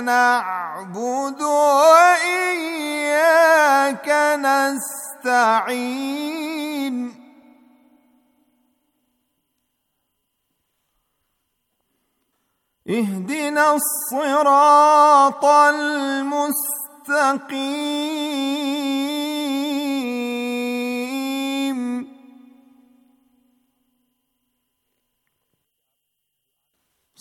نعبد وإياك نستعين اهدنا الصراط المستقيم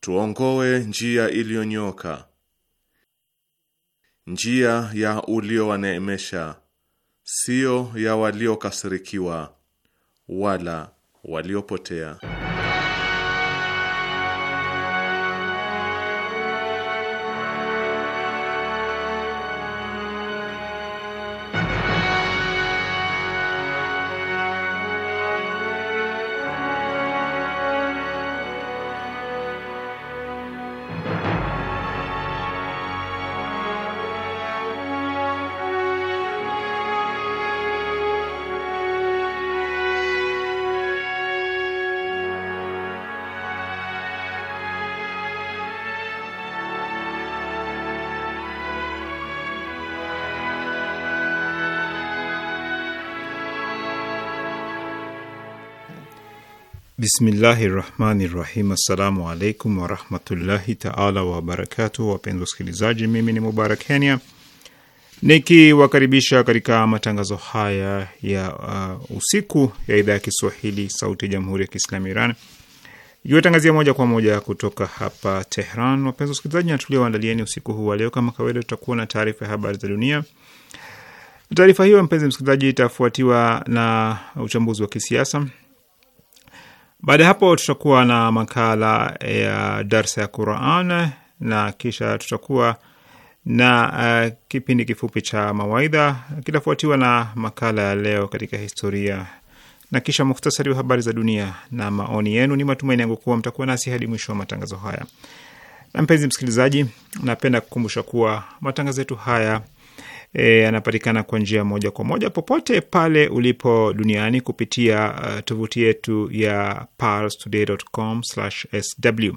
tuongoe njia iliyonyoka, njia ya uliowaneemesha, sio ya waliokasirikiwa wala waliopotea. Bismillahi rahmani rahim. Assalamu alaikum warahmatullahi taala wabarakatu Wapenzi wasikilizaji, mimi ni Mubarak Kenya nikiwakaribisha katika matangazo haya ya uh, usiku ya idhaa ya Kiswahili sauti ya jamhuri ya Kiislamu Iran ikiwatangazia moja kwa moja kutoka hapa Tehran. Wapenzi wasikilizaji, na tulioandalieni usiku huu wa leo, kama kawaida, tutakuwa na taarifa ya habari za dunia. Taarifa hiyo, mpenzi msikilizaji, itafuatiwa na uchambuzi wa kisiasa baada ya hapo tutakuwa na makala ya darsa ya Quran na kisha tutakuwa na uh, kipindi kifupi cha mawaidha kitafuatiwa na makala ya leo katika historia na kisha muhtasari wa habari za dunia na maoni yenu. Ni matumaini yangu kuwa mtakuwa nasi hadi mwisho wa matangazo haya. Na mpenzi msikilizaji, napenda kukumbusha kuwa matangazo yetu haya e, anapatikana kwa njia moja kwa moja popote pale ulipo duniani kupitia uh, tovuti yetu ya parstoday.com/sw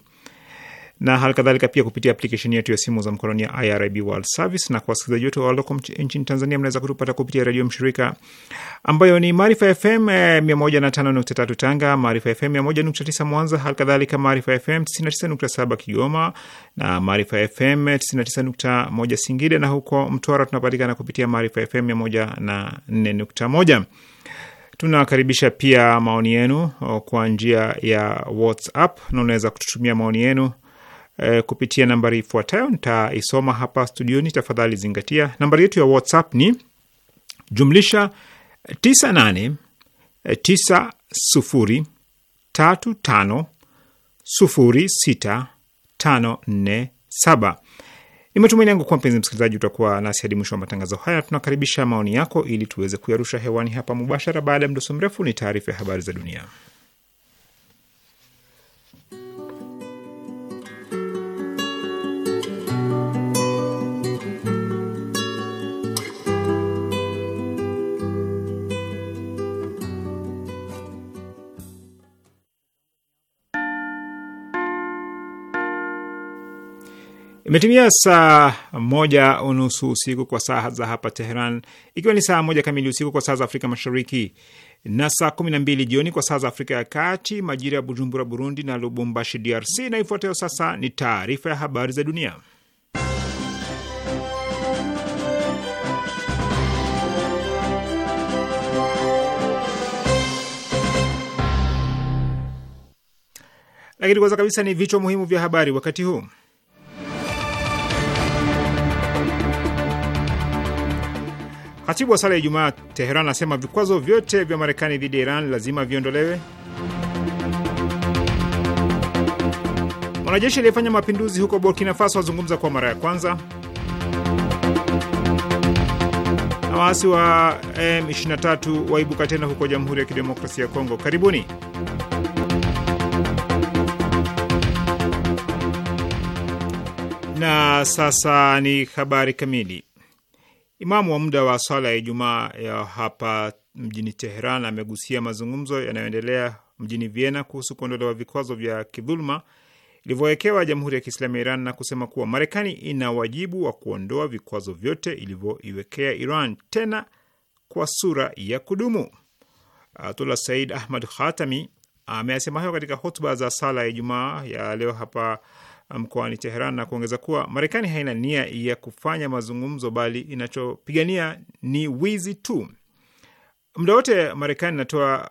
na hali kadhalika pia kupitia aplikesheni yetu ya simu za mkononi ya IRIB World Service. Na kwa wasikilizaji wetu walioko nchini Tanzania, mnaweza kutupata kupitia redio mshirika ambayo ni Maarifa FM 105.3 eh, Tanga, Maarifa FM 101.9 Mwanza, hali kadhalika Maarifa FM 99.7 Kigoma na Maarifa FM 99.1 Singida, na huko Mtwara tunapatikana kupitia Maarifa FM 104.1. Tunakaribisha pia maoni yenu oh, kwa njia ya WhatsApp na unaweza kututumia maoni yenu Eh, kupitia nambari ifuatayo. Nitaisoma hapa studioni, tafadhali zingatia. Nambari yetu ya WhatsApp ni jumlisha 98 90 35 06 54 Ni matumaini yangu kuwa mpenzi msikilizaji utakuwa nasi hadi mwisho wa matangazo haya. Tunakaribisha maoni yako ili tuweze kuyarusha hewani hapa mubashara. Baada ya mdoso mrefu, ni taarifa ya habari za dunia. Imetimia saa moja unusu usiku kwa saa za hapa Teheran, ikiwa ni saa moja kamili usiku kwa saa za Afrika Mashariki na saa kumi na mbili jioni kwa saa za Afrika ya Kati, majira ya Bujumbura, Burundi na Lubumbashi, DRC. Na ifuatayo sasa ni taarifa ya habari za dunia, lakini kwanza kabisa ni vichwa muhimu vya habari wakati huu. Khatibu wa sala ya Ijumaa Teheran anasema vikwazo vyote vya Marekani dhidi ya Iran lazima viondolewe. Mwanajeshi aliyefanya mapinduzi huko Burkina Faso azungumza kwa mara ya kwanza. Na waasi wa M23 waibuka tena huko Jamhuri ya Kidemokrasia ya Kongo. Karibuni. Na sasa ni habari kamili. Imamu wa muda wa swala ya Ijumaa ya hapa mjini Teheran amegusia mazungumzo yanayoendelea mjini Vienna kuhusu kuondolewa vikwazo vya kidhuluma ilivyowekewa Jamhuri ya Kiislamu ya Iran na kusema kuwa Marekani ina wajibu wa kuondoa vikwazo vyote ilivyoiwekea Iran, tena kwa sura ya kudumu. Ayatullah Said Ahmad Khatami ameyasema hayo katika hotuba za sala ya Ijumaa ya leo hapa mkoani Teheran na kuongeza kuwa Marekani haina nia ya kufanya mazungumzo, bali inachopigania ni wizi tu. Muda wote Marekani inatoa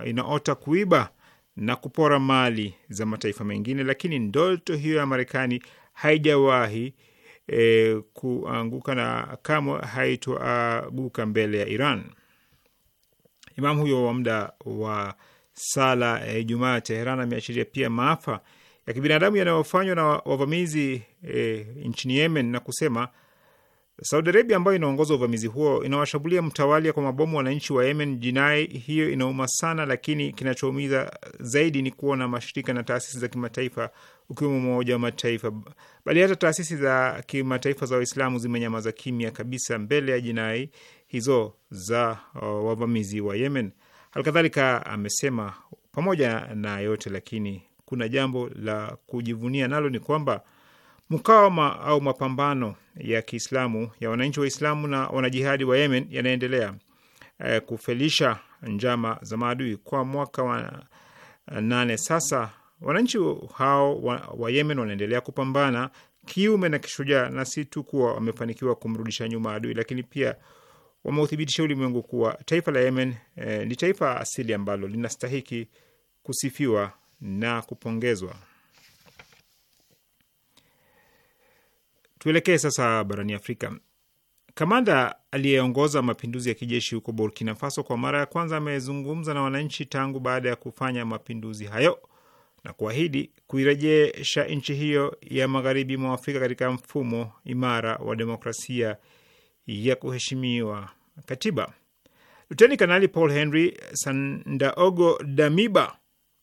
uh, inaota kuiba na kupora mali za mataifa mengine, lakini ndoto hiyo ya Marekani haijawahi E, kuanguka na kamwe haitoaguka mbele ya Iran. imamu huyo wa muda wa sala ya Ijumaa Teheran ameashiria pia maafa ya kibinadamu yanayofanywa na wavamizi e, nchini Yemen na kusema Saudi Arabia ambayo inaongoza uvamizi huo inawashambulia mtawalia kwa mabomu wananchi wa Yemen. Jinai hiyo inauma sana, lakini kinachoumiza zaidi ni kuona mashirika na taasisi za kimataifa ukiwemo Umoja wa Mataifa, bali hata taasisi za kimataifa za Waislamu zimenyamaza kimya kabisa mbele ya jinai hizo za wavamizi wa Yemen. Halikadhalika amesema pamoja na yote lakini kuna jambo la kujivunia nalo ni kwamba mkawama au mapambano ya Kiislamu ya wananchi Waislamu na wanajihadi wa Yemen yanaendelea eh, kufelisha njama za maadui. Kwa mwaka wa nane sasa, wananchi hao wa, wa Yemen wanaendelea kupambana kiume na kishujaa, na si tu kuwa wamefanikiwa kumrudisha nyuma adui, lakini pia wameuthibitisha ulimwengu kuwa taifa la Yemen eh, ni taifa asili ambalo linastahiki kusifiwa na kupongezwa. Tuelekee sasa barani Afrika. Kamanda aliyeongoza mapinduzi ya kijeshi huko Burkina Faso kwa mara ya kwanza amezungumza na wananchi tangu baada ya kufanya mapinduzi hayo na kuahidi kuirejesha nchi hiyo ya magharibi mwa Afrika katika mfumo imara wa demokrasia ya kuheshimiwa katiba. Luteni Kanali Paul Henry Sandaogo Damiba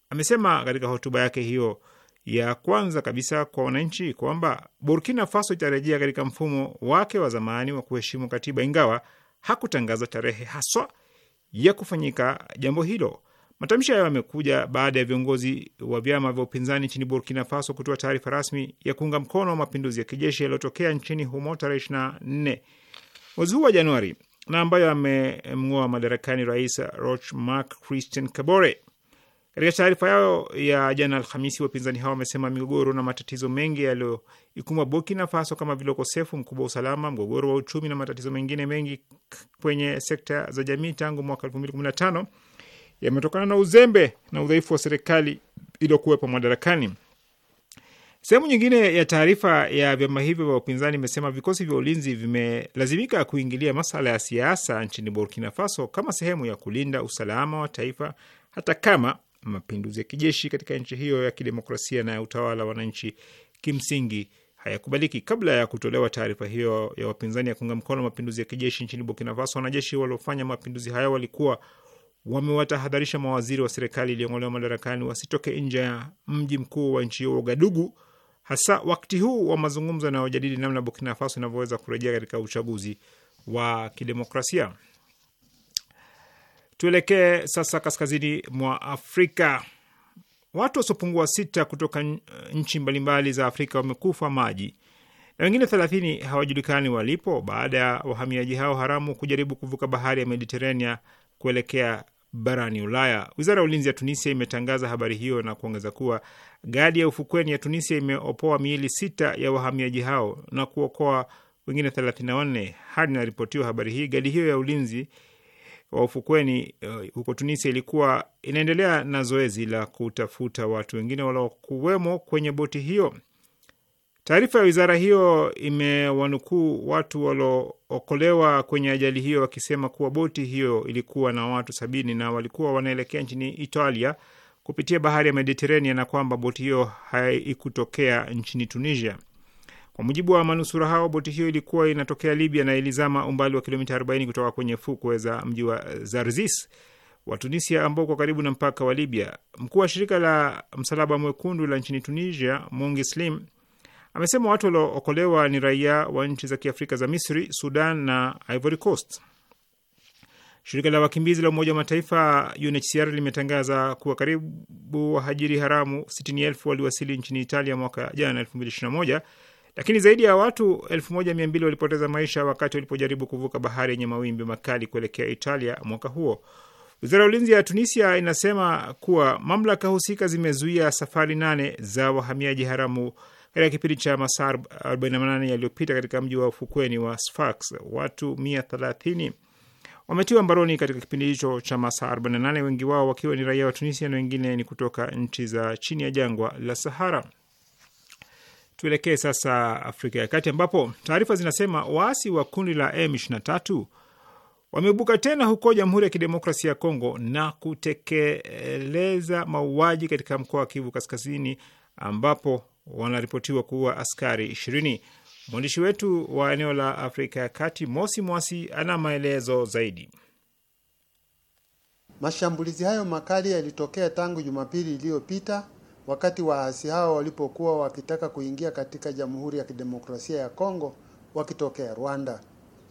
amesema katika hotuba yake hiyo ya kwanza kabisa kwa wananchi kwamba Burkina Faso itarejea katika mfumo wake wa zamani wa kuheshimu katiba, ingawa hakutangaza tarehe haswa ya kufanyika jambo hilo. Matamshi hayo yamekuja baada ya viongozi wa vyama vya upinzani nchini Burkina Faso kutoa taarifa rasmi ya kuunga mkono mapinduzi ya kijeshi yaliyotokea nchini humo tarehe 24 mwezi huu wa Januari na ambayo amemng'oa madarakani rais Roch Marc Christian Kabore. Katika taarifa yao ya jana Alhamisi, wapinzani hao wamesema migogoro na matatizo mengi yaliyoikumba Burkina Faso kama vile ukosefu mkubwa wa usalama, mgogoro wa uchumi na matatizo mengine mengi kwenye sekta za jamii tangu mwaka elfu mbili kumi na tano yametokana na uzembe na udhaifu wa serikali iliyokuwepo madarakani. Sehemu nyingine ya taarifa ya vyama hivyo vya upinzani imesema vikosi vya ulinzi vimelazimika kuingilia masuala ya siasa nchini Burkina Faso kama sehemu ya kulinda usalama wa taifa hata kama mapinduzi ya kijeshi katika nchi hiyo ya kidemokrasia na ya utawala wananchi kimsingi hayakubaliki. Kabla ya kutolewa taarifa hiyo ya wapinzani ya kuunga mkono mapinduzi ya kijeshi nchini Burkina Faso, wanajeshi waliofanya mapinduzi hayo walikuwa wamewatahadharisha mawaziri wa serikali iliyong'olewa madarakani wasitoke nje ya mji mkuu wa nchi hiyo Ouagadougou, hasa wakati huu wa mazungumzo yanayojadili namna Burkina Faso inavyoweza kurejea katika uchaguzi wa kidemokrasia. Tuelekee sasa kaskazini mwa Afrika. Watu wasiopungua sita kutoka nchi mbalimbali za Afrika wamekufa maji na wengine thelathini hawajulikani walipo baada ya wahamiaji hao haramu kujaribu kuvuka bahari ya Mediterania kuelekea barani Ulaya. Wizara ya ulinzi ya Tunisia imetangaza habari hiyo na kuongeza kuwa gadi ya ufukweni ya Tunisia imeopoa miili sita ya wahamiaji hao na kuokoa wengine 34 hadi inaripotiwa habari hii. Gadi hiyo ya ulinzi wa ufukweni uh, huko Tunisia ilikuwa inaendelea na zoezi la kutafuta watu wengine waliokuwemo kwenye boti hiyo. Taarifa ya wizara hiyo imewanukuu watu waliookolewa kwenye ajali hiyo wakisema kuwa boti hiyo ilikuwa na watu sabini na walikuwa wanaelekea nchini Italia kupitia bahari ya Mediterania na kwamba boti hiyo haikutokea nchini Tunisia. Kwa mujibu wa manusura hao, boti hiyo ilikuwa inatokea Libya na ilizama umbali wa kilomita 40 kutoka kwenye fukwe za mji wa Zarzis wa Tunisia ambao kwa karibu na mpaka wa Libya. Mkuu wa shirika la Msalaba Mwekundu la nchini Tunisia, Mungi Slim, amesema watu waliookolewa ni raia wa nchi za Kiafrika za Misri, Sudan na Ivory Coast. Shirika la wakimbizi la Umoja wa Mataifa UNHCR limetangaza kuwa karibu wahajiri haramu elfu waliwasili nchini Italia mwaka jana 2021 lakini zaidi ya watu elfu moja mia mbili walipoteza maisha wakati walipojaribu kuvuka bahari yenye mawimbi makali kuelekea Italia mwaka huo. Wizara ya ulinzi ya Tunisia inasema kuwa mamlaka husika zimezuia safari nane za wahamiaji haramu katika kipindi cha masaa 48 yaliyopita katika mji wa ufukweni wa Sfax. Watu 130 wametiwa mbaroni katika kipindi hicho cha masaa 48, wengi wao wakiwa ni raia wa Tunisia na wengine ni kutoka nchi za chini ya jangwa la Sahara. Tuelekee sasa Afrika ya Kati, ambapo taarifa zinasema waasi wa kundi la M23 wameibuka tena huko Jamhuri ya Kidemokrasia ya Kongo na kutekeleza mauaji katika mkoa wa Kivu Kaskazini, ambapo wanaripotiwa kuua askari ishirini. Mwandishi wetu wa eneo la Afrika ya Kati, Mosi Mwasi, ana maelezo zaidi. Mashambulizi hayo makali yalitokea tangu Jumapili iliyopita Wakati waasi hao walipokuwa wakitaka kuingia katika Jamhuri ya Kidemokrasia ya Kongo wakitokea Rwanda,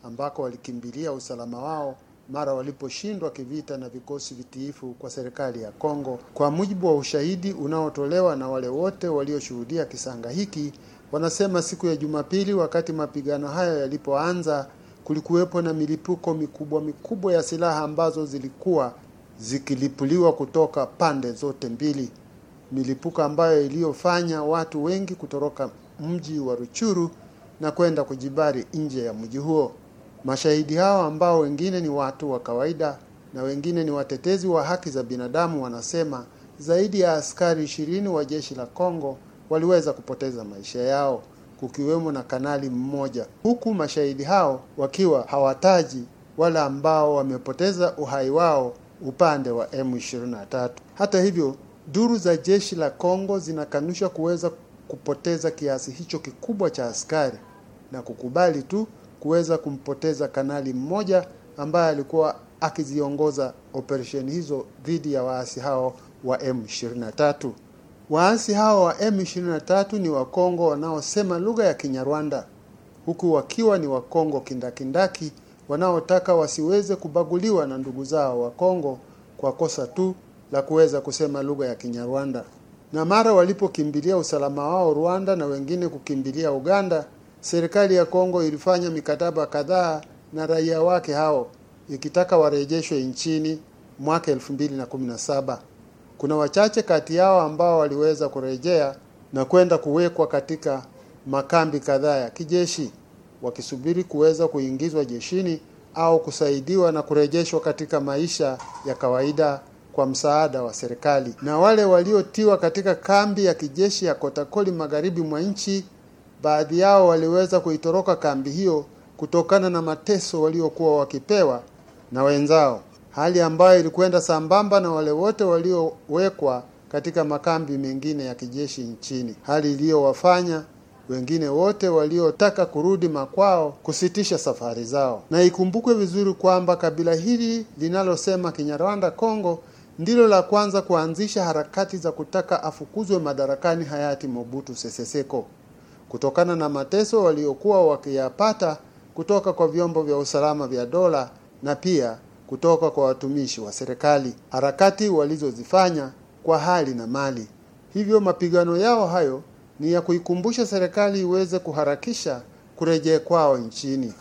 ambako walikimbilia usalama wao mara waliposhindwa kivita na vikosi vitiifu kwa serikali ya Kongo. Kwa mujibu wa ushahidi unaotolewa na wale wote walioshuhudia kisanga hiki, wanasema siku ya Jumapili, wakati mapigano hayo yalipoanza, kulikuwepo na milipuko mikubwa mikubwa ya silaha ambazo zilikuwa zikilipuliwa kutoka pande zote mbili milipuko ambayo iliyofanya watu wengi kutoroka mji wa Ruchuru na kwenda kujibari nje ya mji huo. Mashahidi hao ambao wengine ni watu wa kawaida na wengine ni watetezi wa haki za binadamu wanasema zaidi ya askari ishirini wa jeshi la Kongo waliweza kupoteza maisha yao kukiwemo na kanali mmoja, huku mashahidi hao wakiwa hawataji wala ambao wamepoteza uhai wao upande wa M23. Hata hivyo Duru za jeshi la Kongo zinakanusha kuweza kupoteza kiasi hicho kikubwa cha askari na kukubali tu kuweza kumpoteza kanali mmoja ambaye alikuwa akiziongoza operesheni hizo dhidi ya waasi hao wa M23. Waasi hao wa M23 ni Wakongo wanaosema lugha ya Kinyarwanda huku wakiwa ni Wakongo kindakindaki wanaotaka wasiweze kubaguliwa na ndugu zao Wakongo kwa kosa tu la kuweza kusema lugha ya Kinyarwanda. Na mara walipokimbilia usalama wao Rwanda na wengine kukimbilia Uganda, serikali ya Kongo ilifanya mikataba kadhaa na raia wake hao ikitaka warejeshwe nchini mwaka 2017. Kuna wachache kati yao ambao waliweza kurejea na kwenda kuwekwa katika makambi kadhaa ya kijeshi wakisubiri kuweza kuingizwa jeshini au kusaidiwa na kurejeshwa katika maisha ya kawaida kwa msaada wa serikali, na wale waliotiwa katika kambi ya kijeshi ya Kotakoli magharibi mwa nchi, baadhi yao waliweza kuitoroka kambi hiyo kutokana na mateso waliokuwa wakipewa na wenzao, hali ambayo ilikwenda sambamba na wale wote waliowekwa katika makambi mengine ya kijeshi nchini, hali iliyowafanya wengine wote waliotaka kurudi makwao kusitisha safari zao. Na ikumbukwe vizuri kwamba kabila hili linalosema Kinyarwanda Kongo ndilo la kwanza kuanzisha harakati za kutaka afukuzwe madarakani hayati Mobutu Sese Seko kutokana na mateso waliokuwa wakiyapata kutoka kwa vyombo vya usalama vya dola na pia kutoka kwa watumishi wa serikali, harakati walizozifanya kwa hali na mali. Hivyo mapigano yao hayo ni ya kuikumbusha serikali iweze kuharakisha kurejea kwao nchini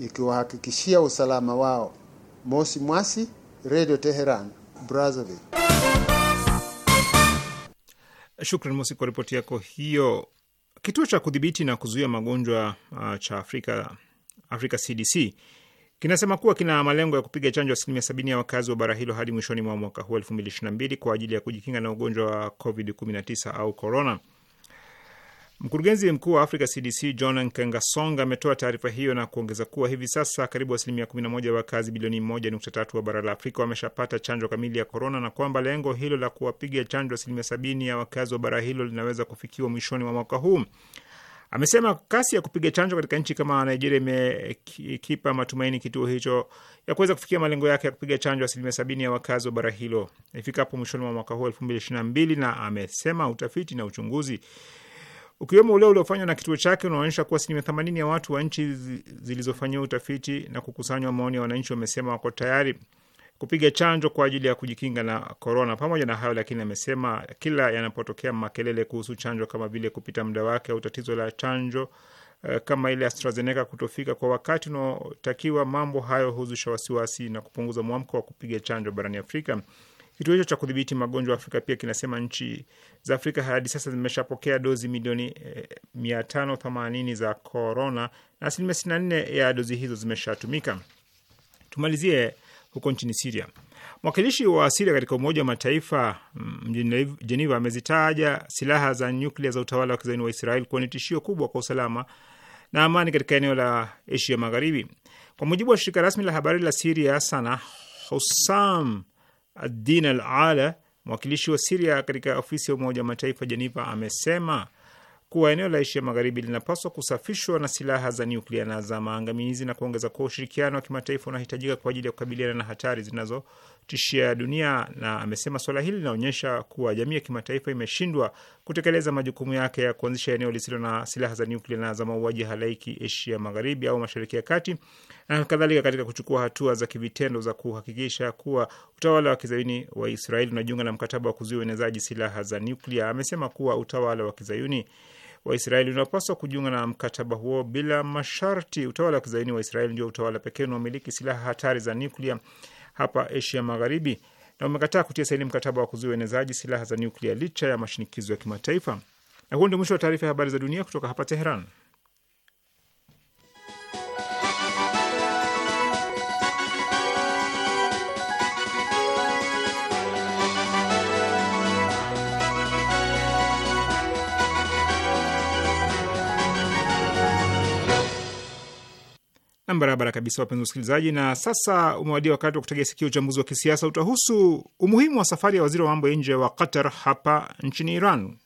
ikiwahakikishia usalama wao. Mosi Mwasi, Radio Teheran. Brazzaville. Shukran Mosi kwa ripoti yako hiyo. Kituo cha kudhibiti na kuzuia magonjwa uh, cha Afrika, Africa CDC kinasema kuwa kina malengo ya kupiga chanjo asilimia sabini ya wakazi wa bara hilo hadi mwishoni mwa mwaka huu elfu mbili ishirini na mbili kwa ajili ya kujikinga na ugonjwa wa COVID 19 au corona. Mkurugenzi mkuu wa afrika CDC John Nkengasonga ametoa taarifa hiyo na kuongeza kuwa hivi sasa karibu asilimia 11 wakazi bilioni 1.3 wa bara la Afrika wameshapata chanjo kamili ya korona na kwamba lengo hilo la kuwapiga chanjo asilimia 70 ya wakazi wa bara hilo linaweza kufikiwa mwishoni mwa mwaka huu. Amesema kasi ya kupiga chanjo katika nchi kama Nigeria imekipa matumaini kituo hicho ya kuweza kufikia malengo yake ya kupiga chanjo asilimia sabini ya wakazi wa bara hilo ifikapo mwishoni mwa mwaka huu elfu mbili ishirini na mbili. Na amesema utafiti na uchunguzi ukiwemo ule uliofanywa na kituo chake unaonyesha kuwa asilimia themanini ya watu wa nchi zilizofanyiwa utafiti na kukusanywa maoni ya wananchi wamesema wako tayari kupiga chanjo kwa ajili ya kujikinga na korona. Pamoja na hayo lakini, amesema kila yanapotokea makelele kuhusu chanjo kama vile kupita muda wake au tatizo la chanjo eh, kama ile AstraZeneca kutofika kwa wakati unaotakiwa, mambo hayo huzusha wasiwasi na kupunguza mwamko wa kupiga chanjo barani Afrika. Kituo hicho cha kudhibiti magonjwa Afrika pia kinasema nchi za Afrika hadi sasa zimeshapokea dozi milioni eh, mia tano 580 za korona na asilimia nne ya dozi hizo zimeshatumika. Tumalizie huko nchini Siria. Mwakilishi wa Siria katika Umoja wa Mataifa mm, mjini Jeneva amezitaja silaha za nyuklia za utawala wa kizaini wa Israel kuwa ni tishio kubwa kwa usalama na amani katika eneo la Asia Magharibi. Kwa mujibu wa shirika rasmi la habari la Siria Sana, Hussam adin Al Ala, mwakilishi wa Siria katika ofisi ya Umoja wa Mataifa Jeniva, amesema kuwa eneo la Asia Magharibi linapaswa kusafishwa na silaha za nyuklia na za maangamizi na kuongeza kuwa ushirikiano wa kimataifa unahitajika kwa ajili ya kukabiliana na hatari zinazo tishia dunia, na amesema suala hili linaonyesha kuwa jamii ya kimataifa imeshindwa kutekeleza majukumu yake ya kuanzisha eneo lisilo na silaha za nyuklia na za mauaji halaiki Asia Magharibi au Mashariki ya Kati na kadhalika, katika kuchukua hatua za kivitendo za kuhakikisha kuwa utawala wa kizayuni wa Israeli unajiunga na mkataba wa kuzuia uenezaji silaha za nyuklia. Amesema kuwa utawala wa kizayuni wa Israeli unapaswa kujiunga na mkataba huo bila masharti. Utawala wa kizayuni wa Israeli ndio utawala pekee unaomiliki silaha hatari za nyuklia hapa Asia Magharibi na umekataa kutia saini mkataba wa kuzuia uenezaji silaha za nyuklia licha ya mashinikizo ya kimataifa. Na huo ndio mwisho wa taarifa ya habari za dunia kutoka hapa Teheran. na barabara kabisa, wapenzi wasikilizaji, na sasa umewadia wakati wa kutegea sikio. Uchambuzi wa kisiasa utahusu umuhimu wa safari ya waziri wa mambo ya nje wa Qatar hapa nchini Iran.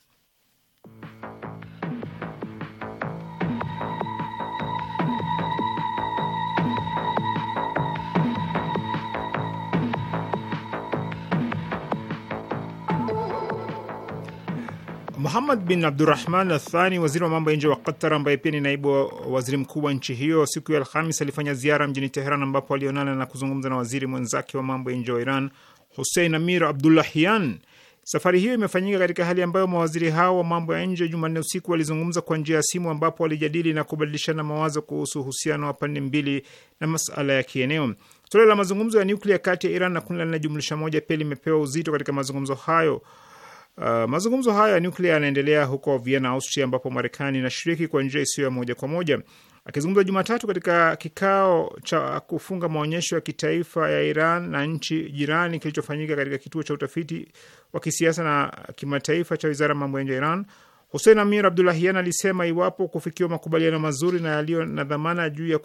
Muhammad bin Abdurahman Athani, waziri wa mambo ya nje wa Qatar, ambaye pia ni naibu wa waziri mkuu wa nchi hiyo, siku ya Alhamis alifanya ziara mjini Teheran, ambapo alionana na kuzungumza na waziri mwenzake wa mambo ya nje wa Iran, Hussein Amir Abdullahian. Safari hiyo imefanyika katika hali ambayo mawaziri hao wa mambo ya nje Jumanne usiku walizungumza kwa njia ya simu, ambapo walijadili na kubadilishana mawazo kuhusu uhusiano wa pande mbili na masala ya kieneo. Suala la mazungumzo ya nuklia kati ya Iran na kundi la linajumlisha moja pia limepewa uzito katika mazungumzo hayo. Uh, mazungumzo haya ya nuklia yanaendelea huko Vienna, Austria, ambapo Marekani inashiriki kwa njia isiyo ya moja kwa moja. Akizungumza Jumatatu katika kikao cha kufunga maonyesho ya kitaifa ya Iran na nchi jirani kilichofanyika katika kituo cha utafiti wa kisiasa na kimataifa cha wizara ya mambo ya nje ya Iran, Hussein Amir Abdullahian alisema iwapo kufikiwa makubaliano mazuri na yaliyo na dhamana juu ya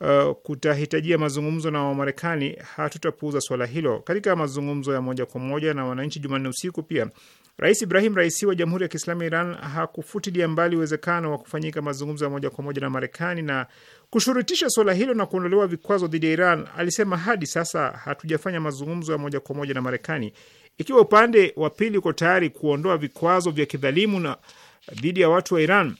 uh, kutahitajia mazungumzo na Wamarekani, hatutapuuza swala hilo. Katika mazungumzo ya moja kwa moja na wananchi Jumanne usiku pia Rais Ibrahim Raisi wa Jamhuri ya Kiislamu ya Iran hakufutilia mbali uwezekano wa kufanyika mazungumzo ya moja kwa moja na Marekani na kushurutisha suala hilo na kuondolewa vikwazo dhidi ya Iran. Alisema hadi sasa hatujafanya mazungumzo ya moja kwa moja na Marekani. Ikiwa upande wa pili uko tayari kuondoa vikwazo vya kidhalimu na dhidi ya watu wa Iran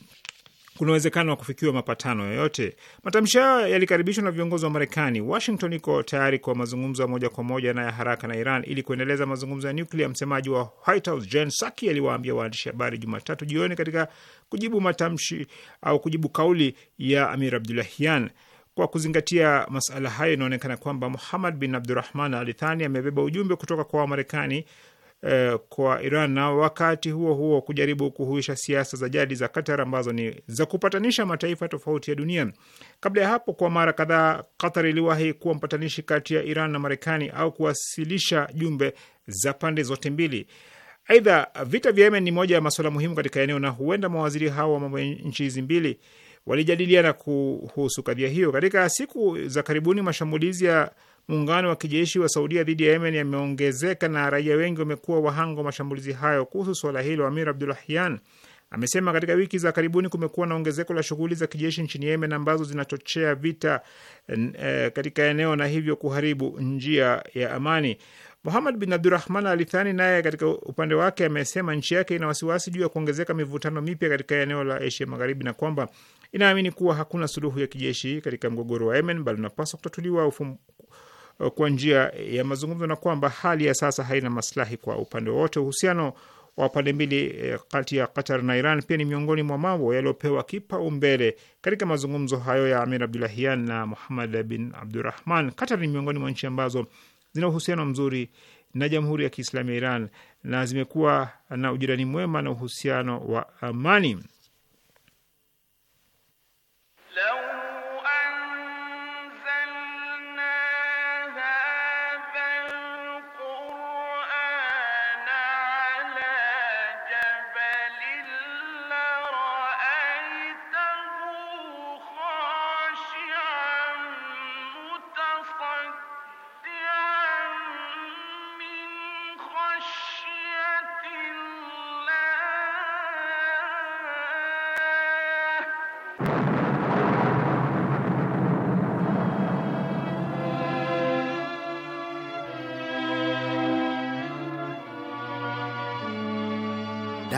kuna uwezekano wa kufikiwa mapatano yoyote. Matamshi hayo yalikaribishwa na viongozi wa Marekani. Washington iko tayari kwa mazungumzo ya moja kwa moja na ya haraka na Iran ili kuendeleza mazungumzo ya nuklia. Msemaji wa White House Jen Psaki aliwaambia waandishi habari Jumatatu jioni katika kujibu matamshi au kujibu kauli ya Amir Abdulahian. Kwa kuzingatia masala hayo, inaonekana kwamba Muhammad bin Abdurahman Alithani amebeba ujumbe kutoka kwa Wamarekani Eh, kwa Iran na wakati huo huo kujaribu kuhuisha siasa za jadi za Qatar ambazo ni za kupatanisha mataifa tofauti ya dunia. Kabla ya hapo, kwa mara kadhaa Qatar iliwahi kuwa mpatanishi kati ya Iran na Marekani au kuwasilisha jumbe za pande zote mbili. Aidha, vita vya Yemen ni moja ya masuala muhimu katika eneo na huenda mawaziri hao wa mambo ya nchi hizi mbili walijadiliana kuhusu kadhia hiyo. Katika siku za karibuni, mashambulizi ya muungano wa kijeshi wa Saudia dhidi ya Yemen yameongezeka na raia wengi wamekuwa wahanga wa mashambulizi hayo. Kuhusu suala hilo, Amir Abdulahyan amesema katika wiki za karibuni kumekuwa na ongezeko la shughuli za kijeshi nchini Yemen ambazo zinachochea vita e, katika eneo na hivyo kuharibu njia ya amani. Muhamad bin Abdurahman Alithani naye katika upande wake amesema nchi yake ina wasiwasi juu ya kuongezeka mivutano mipya katika eneo la Asia Magharibi na kwamba inaamini kuwa hakuna suluhu ya kijeshi katika mgogoro wa Yemen, bali unapaswa kutatuliwa Eh, kwa njia ya mazungumzo na kwamba hali ya sasa haina maslahi kwa upande wowote. Uhusiano wa pande mbili eh, kati ya Qatar na Iran pia ni miongoni mwa mambo yaliyopewa kipaumbele katika mazungumzo hayo ya Amir Abdulahian na Muhamad bin Abdurahman. Qatar ni miongoni mwa nchi ambazo zina uhusiano mzuri na Jamhuri ya Kiislamu ya Iran na zimekuwa na ujirani mwema na uhusiano wa amani Hello.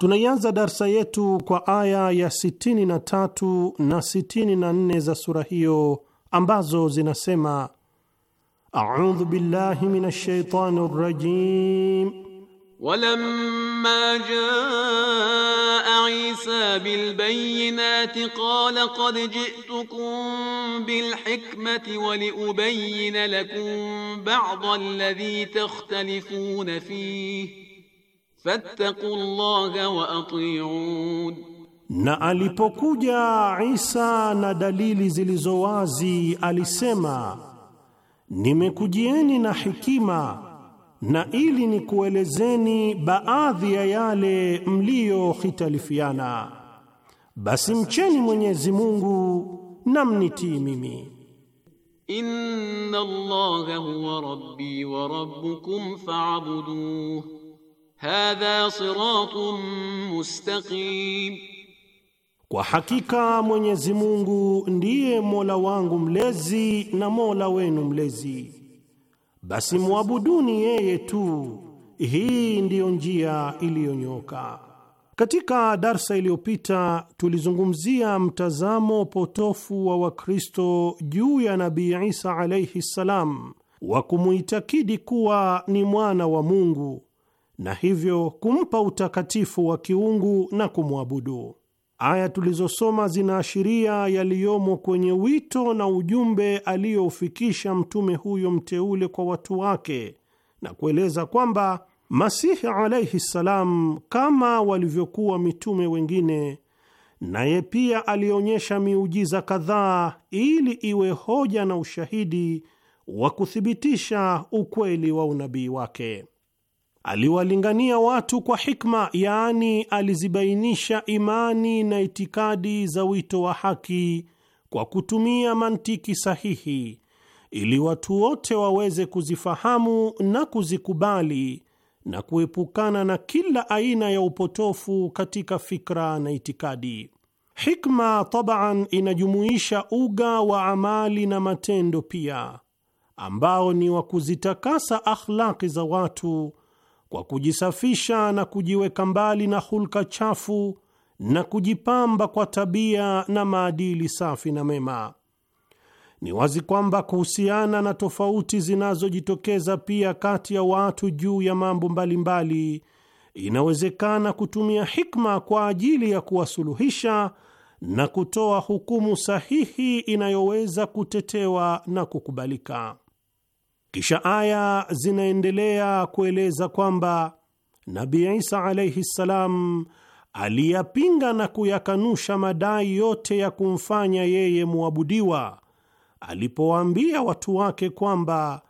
Tunaianza darsa yetu kwa aya ya 63 na 64 za sura hiyo ambazo zinasema: audhu billahi minash shaitani rrajim walamma jaa Isa bilbayinati qala qad ji'tukum bilhikmati waliubayyina lakum ba'da alladhi takhtalifuna fihi fattaqullaha wa atiun. Na alipokuja Isa na dalili zilizo wazi, alisema nimekujieni na hikima na ili nikuelezeni baadhi ya yale mliyohitalifiana, basi mcheni Mwenyezi Mungu na mnitii mimi. Inna Allaha huwa rabbi wa rabbukum fa'buduhu Hadha siratun mustaqim, kwa hakika Mwenyezi Mungu ndiye Mola wangu mlezi na Mola wenu mlezi, basi muabuduni yeye tu. Hii ndiyo njia iliyonyoka. Katika darsa iliyopita tulizungumzia mtazamo potofu wa Wakristo juu ya Nabii Isa alaihi ssalam wa kumuitakidi kuwa ni mwana wa Mungu na hivyo kumpa utakatifu wa kiungu na kumwabudu. Aya tulizosoma zinaashiria yaliyomo kwenye wito na ujumbe aliyoufikisha mtume huyo mteule kwa watu wake, na kueleza kwamba Masihi alaihi ssalam, kama walivyokuwa mitume wengine, naye pia alionyesha miujiza kadhaa ili iwe hoja na ushahidi wa kuthibitisha ukweli wa unabii wake aliwalingania watu kwa hikma, yaani alizibainisha imani na itikadi za wito wa haki kwa kutumia mantiki sahihi, ili watu wote waweze kuzifahamu na kuzikubali na kuepukana na kila aina ya upotofu katika fikra na itikadi. Hikma tabaan inajumuisha uga wa amali na matendo pia, ambao ni wa kuzitakasa akhlaki za watu kwa kujisafisha na kujiweka mbali na hulka chafu na kujipamba kwa tabia na maadili safi na mema. Ni wazi kwamba kuhusiana na tofauti zinazojitokeza pia kati ya watu juu ya mambo mbalimbali, inawezekana kutumia hikma kwa ajili ya kuwasuluhisha na kutoa hukumu sahihi inayoweza kutetewa na kukubalika. Kisha aya zinaendelea kueleza kwamba Nabi Isa alaihi ssalam aliyapinga na kuyakanusha madai yote ya kumfanya yeye muabudiwa alipowaambia watu wake kwamba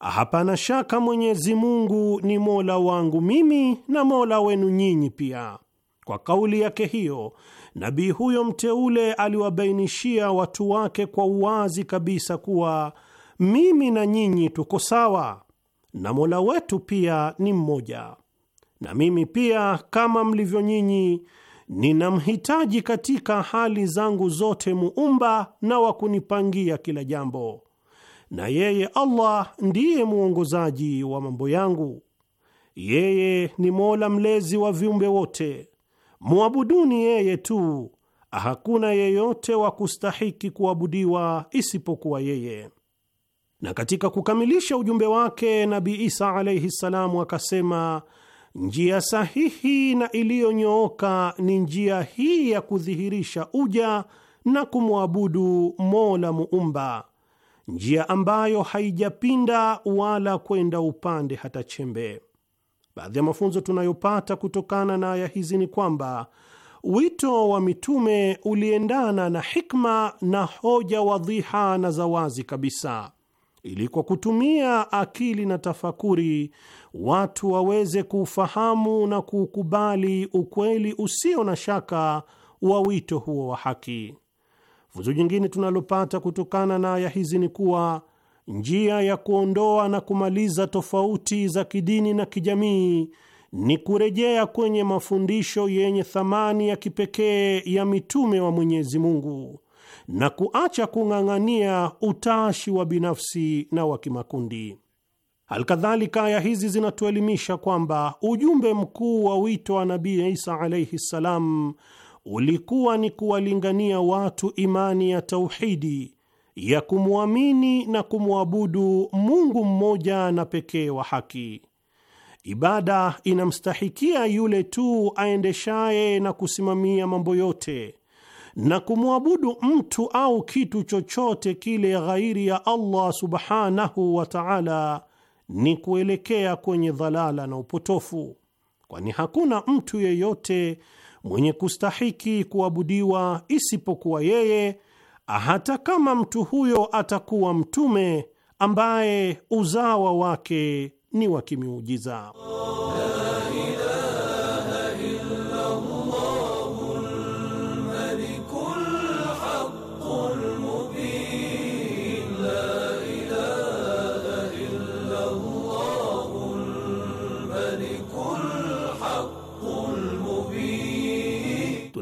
hapana shaka Mwenyezi Mungu ni Mola wangu mimi na Mola wenu nyinyi pia. Kwa kauli yake hiyo, nabii huyo mteule aliwabainishia watu wake kwa uwazi kabisa kuwa mimi na nyinyi tuko sawa na Mola wetu pia ni mmoja, na mimi pia kama mlivyo nyinyi ninamhitaji katika hali zangu zote muumba na wa kunipangia kila jambo, na yeye Allah ndiye mwongozaji wa mambo yangu. Yeye ni Mola mlezi wa viumbe wote, mwabuduni yeye tu, hakuna yeyote wa kustahiki kuabudiwa isipokuwa yeye. Na katika kukamilisha ujumbe wake Nabi Isa alaihi ssalamu akasema, njia sahihi na iliyonyooka ni njia hii ya kudhihirisha uja na kumwabudu Mola Muumba, njia ambayo haijapinda wala kwenda upande hata chembe. Baadhi ya mafunzo tunayopata kutokana na aya hizi ni kwamba wito wa mitume uliendana na hikma na hoja wadhiha na za wazi kabisa ili kwa kutumia akili na tafakuri watu waweze kuufahamu na kuukubali ukweli usio na shaka wa wito huo wa haki. Funzo jingine tunalopata kutokana na aya hizi ni kuwa njia ya kuondoa na kumaliza tofauti za kidini na kijamii ni kurejea kwenye mafundisho yenye thamani ya kipekee ya mitume wa Mwenyezi Mungu na kuacha kung'ang'ania utashi wa binafsi na wa kimakundi. Alkadhalika, aya hizi zinatuelimisha kwamba ujumbe mkuu wa wito wa Nabii Isa alaihi ssalam ulikuwa ni kuwalingania watu imani ya tauhidi ya kumwamini na kumwabudu Mungu mmoja na pekee wa haki. Ibada inamstahikia yule tu aendeshaye na kusimamia mambo yote na kumwabudu mtu au kitu chochote kile ghairi ya Allah subhanahu wa ta'ala ni kuelekea kwenye dhalala na upotofu, kwani hakuna mtu yeyote mwenye kustahiki kuabudiwa isipokuwa yeye, hata kama mtu huyo atakuwa mtume ambaye uzawa wake ni wa kimiujiza.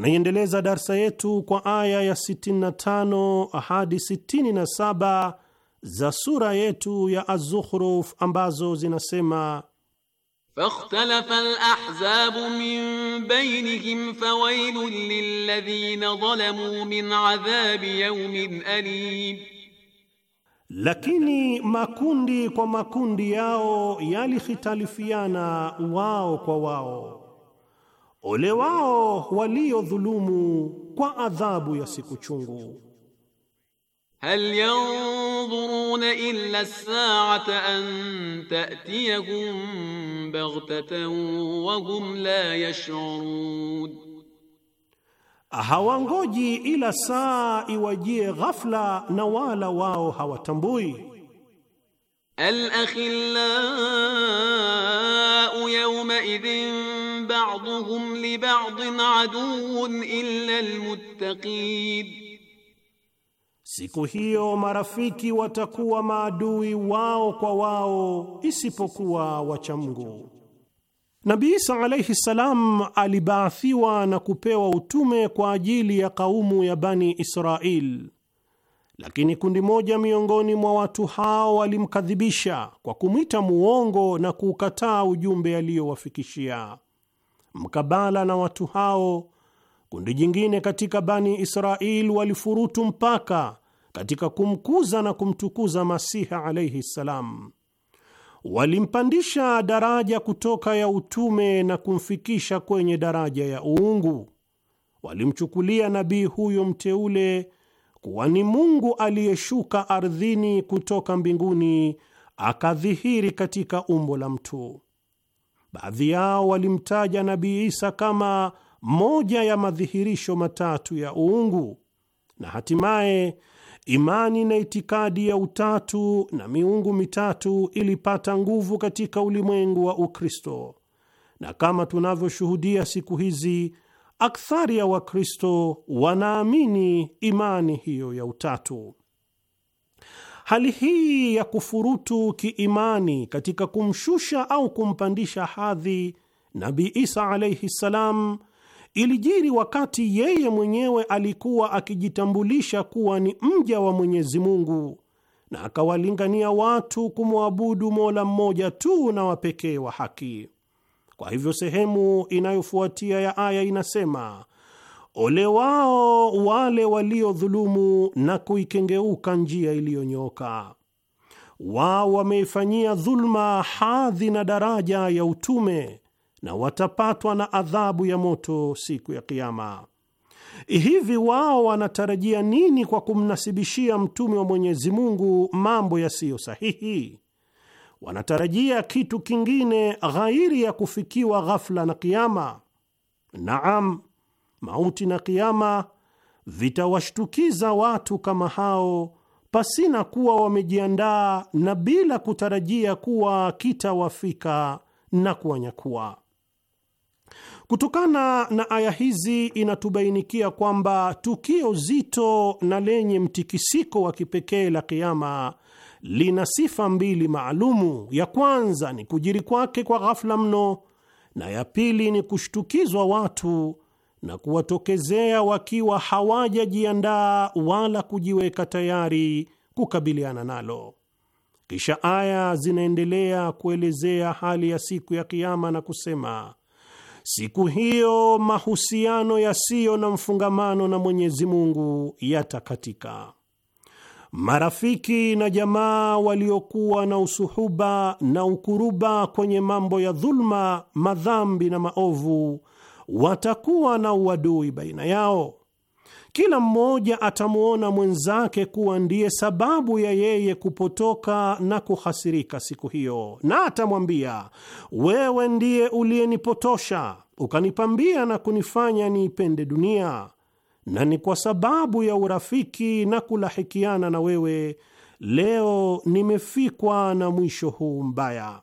Tunaiendeleza darsa yetu kwa aya ya 65 hadi 67 za sura yetu ya Az-Zukhruf ambazo zinasema: fakhtalafa al-ahzabu min fawailun lilladhina zalamu min adhabi yawmin alim, lakini makundi kwa makundi yao yalikhitalifiana wao kwa wao Ole wao waliodhulumu kwa adhabu ya siku chungu. Hal yanzuruna illa as-sa'ata an ta'tiyahum baghtatan wa hum la yash'urun, hawangoji ila saa iwajie ghafla na wala wao hawatambui. Al-akhillau yawma idhin ba'dhuhum li ba'dhin aduun illa almuttaqin, siku hiyo marafiki watakuwa maadui wao kwa wao isipokuwa wachamgu. Nabii Isa alaihi salam alibaathiwa na kupewa utume kwa ajili ya kaumu ya Bani Israil, lakini kundi moja miongoni mwa watu hao walimkadhibisha kwa kumwita muongo na kuukataa ujumbe aliyowafikishia. Mkabala na watu hao, kundi jingine katika Bani israel walifurutu mpaka katika kumkuza na kumtukuza Masiha alaihi ssalam. Walimpandisha daraja kutoka ya utume na kumfikisha kwenye daraja ya uungu. Walimchukulia nabii huyo mteule kuwa ni Mungu aliyeshuka ardhini kutoka mbinguni akadhihiri katika umbo la mtu. Baadhi yao walimtaja Nabii Isa kama moja ya madhihirisho matatu ya uungu, na hatimaye imani na itikadi ya utatu na miungu mitatu ilipata nguvu katika ulimwengu wa Ukristo, na kama tunavyoshuhudia siku hizi, akthari ya Wakristo wanaamini imani hiyo ya utatu. Hali hii ya kufurutu kiimani katika kumshusha au kumpandisha hadhi nabi Isa alaihi ssalam ilijiri wakati yeye mwenyewe alikuwa akijitambulisha kuwa ni mja wa Mwenyezi Mungu na akawalingania watu kumwabudu Mola mmoja tu na wapekee wa haki. Kwa hivyo sehemu inayofuatia ya aya inasema Ole wao wale waliodhulumu na kuikengeuka njia iliyonyooka. Wao wameifanyia dhuluma hadhi na daraja ya utume, na watapatwa na adhabu ya moto siku ya Kiama. Hivi wao wanatarajia nini kwa kumnasibishia mtume wa Mwenyezi Mungu mambo yasiyo sahihi? Wanatarajia kitu kingine ghairi ya kufikiwa ghafla na Kiama? Naam, mauti na kiama vitawashtukiza watu kama hao pasina kuwa wamejiandaa na bila kutarajia kuwa kitawafika na kuwanyakua. Kutokana na aya hizi inatubainikia kwamba tukio zito na lenye mtikisiko wa kipekee la kiama lina sifa mbili maalumu. Ya kwanza ni kujiri kwake kwa ghafla mno, na ya pili ni kushtukizwa watu na kuwatokezea wakiwa hawajajiandaa wala kujiweka tayari kukabiliana nalo. Kisha aya zinaendelea kuelezea hali ya siku ya Kiama na kusema, siku hiyo mahusiano yasiyo na mfungamano na Mwenyezi Mungu yatakatika. Marafiki na jamaa waliokuwa na usuhuba na ukuruba kwenye mambo ya dhulma, madhambi na maovu watakuwa na uadui baina yao. Kila mmoja atamwona mwenzake kuwa ndiye sababu ya yeye kupotoka na kuhasirika siku hiyo, na atamwambia, wewe ndiye uliyenipotosha ukanipambia na kunifanya niipende dunia, na ni kwa sababu ya urafiki na kulahikiana na wewe leo nimefikwa na mwisho huu mbaya.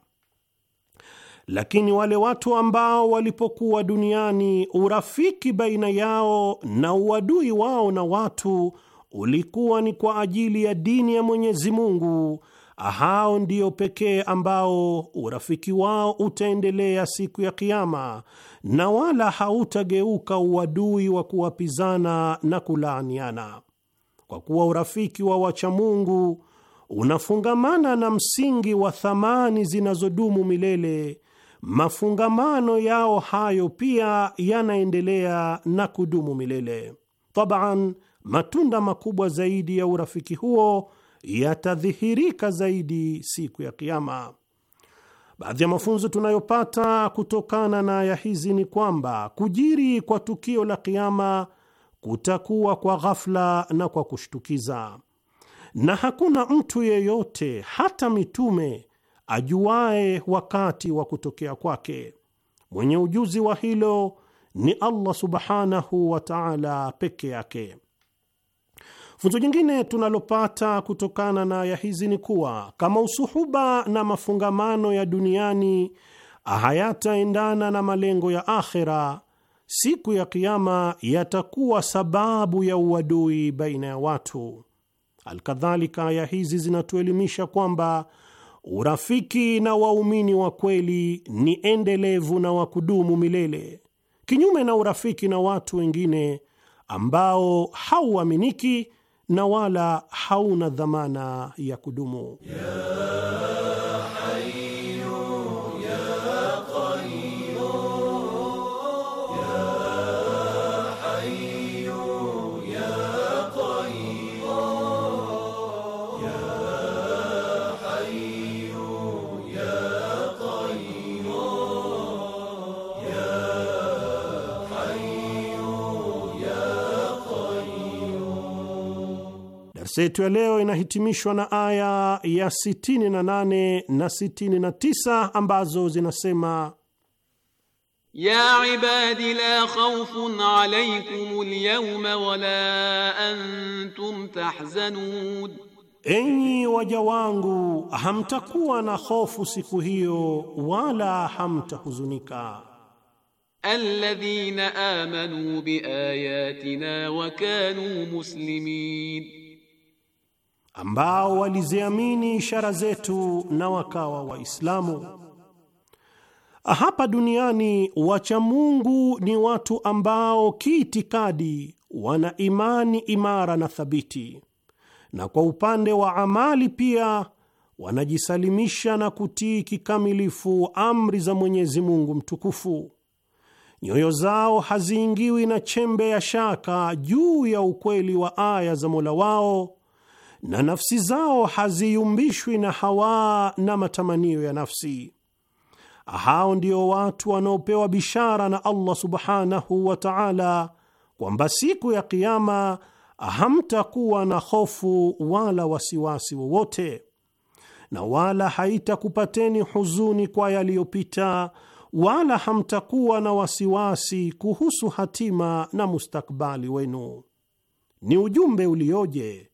Lakini wale watu ambao walipokuwa duniani urafiki baina yao na uadui wao na watu ulikuwa ni kwa ajili ya dini ya Mwenyezi Mungu, hao ndio pekee ambao urafiki wao utaendelea siku ya Kiama na wala hautageuka uadui wa kuwapizana na kulaaniana, kwa kuwa urafiki wa wacha mungu unafungamana na msingi wa thamani zinazodumu milele mafungamano yao hayo pia yanaendelea na kudumu milele. Taban, matunda makubwa zaidi ya urafiki huo yatadhihirika zaidi siku ya Kiama. Baadhi ya mafunzo tunayopata kutokana na aya hizi ni kwamba kujiri kwa tukio la Kiama kutakuwa kwa ghafla na kwa kushtukiza, na hakuna mtu yeyote, hata mitume ajuaye wakati wa kutokea kwake. Mwenye ujuzi wa hilo ni Allah subhanahu wa ta'ala peke yake. Funzo jingine tunalopata kutokana na aya hizi ni kuwa kama usuhuba na mafungamano ya duniani hayataendana na malengo ya akhera, siku ya Kiama yatakuwa sababu ya uadui baina ya watu. Alkadhalika, aya hizi zinatuelimisha kwamba Urafiki na waumini wa kweli ni endelevu na wa kudumu milele, kinyume na urafiki na watu wengine ambao hauaminiki na wala hauna dhamana ya kudumu yeah. Darsa yetu ya leo inahitimishwa na aya ya 68 na 69 ambazo zinasema: ya ibadi la khawfun alaykum alyawma wa la antum tahzanun, enyi waja wangu hamtakuwa na hofu siku hiyo wala hamtahuzunika. Alladhina amanu biayatina wa kanu muslimin ambao waliziamini ishara zetu na wakawa Waislamu. Hapa duniani wacha Mungu ni watu ambao kiitikadi wana imani imara na thabiti, na kwa upande wa amali pia wanajisalimisha na kutii kikamilifu amri za Mwenyezi Mungu mtukufu. Nyoyo zao haziingiwi na chembe ya shaka juu ya ukweli wa aya za Mola wao na nafsi zao haziyumbishwi na hawa na matamanio ya nafsi. Hao ndio watu wanaopewa bishara na Allah subhanahu wa ta'ala kwamba siku ya kiama hamtakuwa na hofu wala wasiwasi wowote, na wala haitakupateni huzuni kwa yaliyopita, wala hamtakuwa na wasiwasi kuhusu hatima na mustakbali wenu. Ni ujumbe ulioje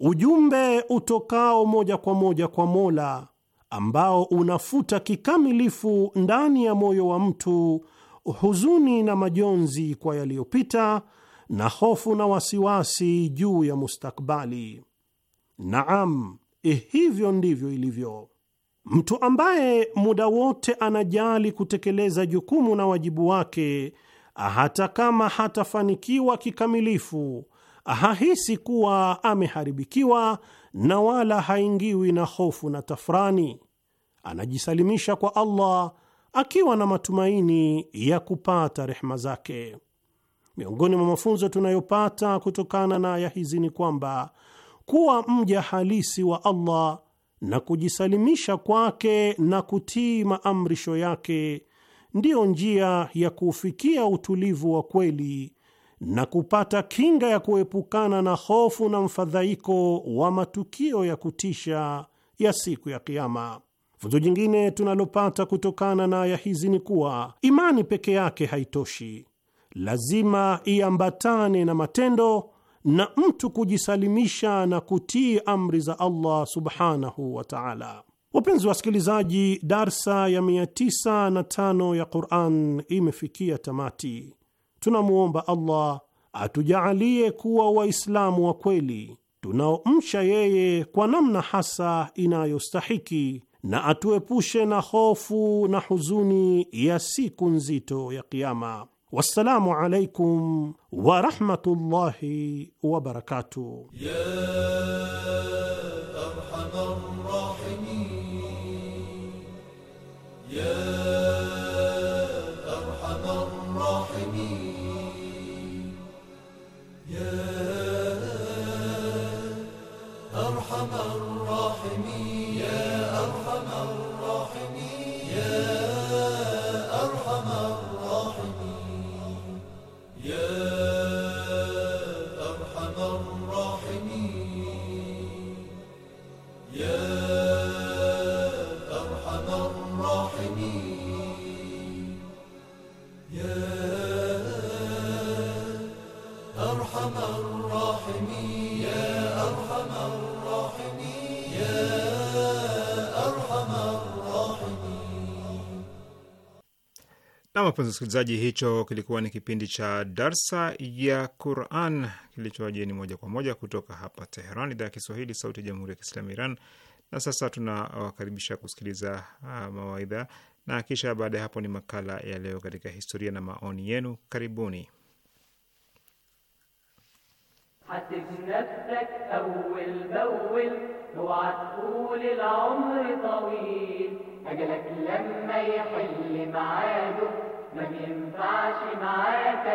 ujumbe utokao moja kwa moja kwa Mola ambao unafuta kikamilifu ndani ya moyo wa mtu huzuni na majonzi kwa yaliyopita na hofu na wasiwasi juu ya mustakbali. Naam, eh, hivyo ndivyo ilivyo. Mtu ambaye muda wote anajali kutekeleza jukumu na wajibu wake, hata kama hatafanikiwa kikamilifu hahisi kuwa ameharibikiwa na wala haingiwi na hofu na tafrani. Anajisalimisha kwa Allah akiwa na matumaini ya kupata rehma zake. Miongoni mwa mafunzo tunayopata kutokana na aya hizi ni kwamba kuwa mja halisi wa Allah na kujisalimisha kwake na kutii maamrisho yake ndiyo njia ya kufikia utulivu wa kweli na kupata kinga ya kuepukana na hofu na mfadhaiko wa matukio ya kutisha ya siku ya Kiama. Funzo jingine tunalopata kutokana na aya hizi ni kuwa imani peke yake haitoshi, lazima iambatane na matendo na mtu kujisalimisha na kutii amri za Allah subhanahu wa ta'ala. Wapenzi wasikilizaji, darsa ya 95 ya Qur'an imefikia tamati tunamwomba Allah atujaalie kuwa Waislamu wa kweli tunaomcha yeye kwa namna hasa inayostahiki na atuepushe na hofu na huzuni ya siku nzito ya Kiama. Wassalamu alaikum warahmatullahi wabarakatuh. الراحمين wapenzi wasikilizaji, hicho kilikuwa ni kipindi cha darsa ya Quran kilichowajieni moja kwa moja kutoka hapa Teheran, idhaa ya Kiswahili, sauti ya jamhuri ya kiislamu Iran. Na sasa tunawakaribisha kusikiliza ah, mawaidha na kisha baada ya hapo ni makala ya leo katika historia na maoni yenu. Karibuni.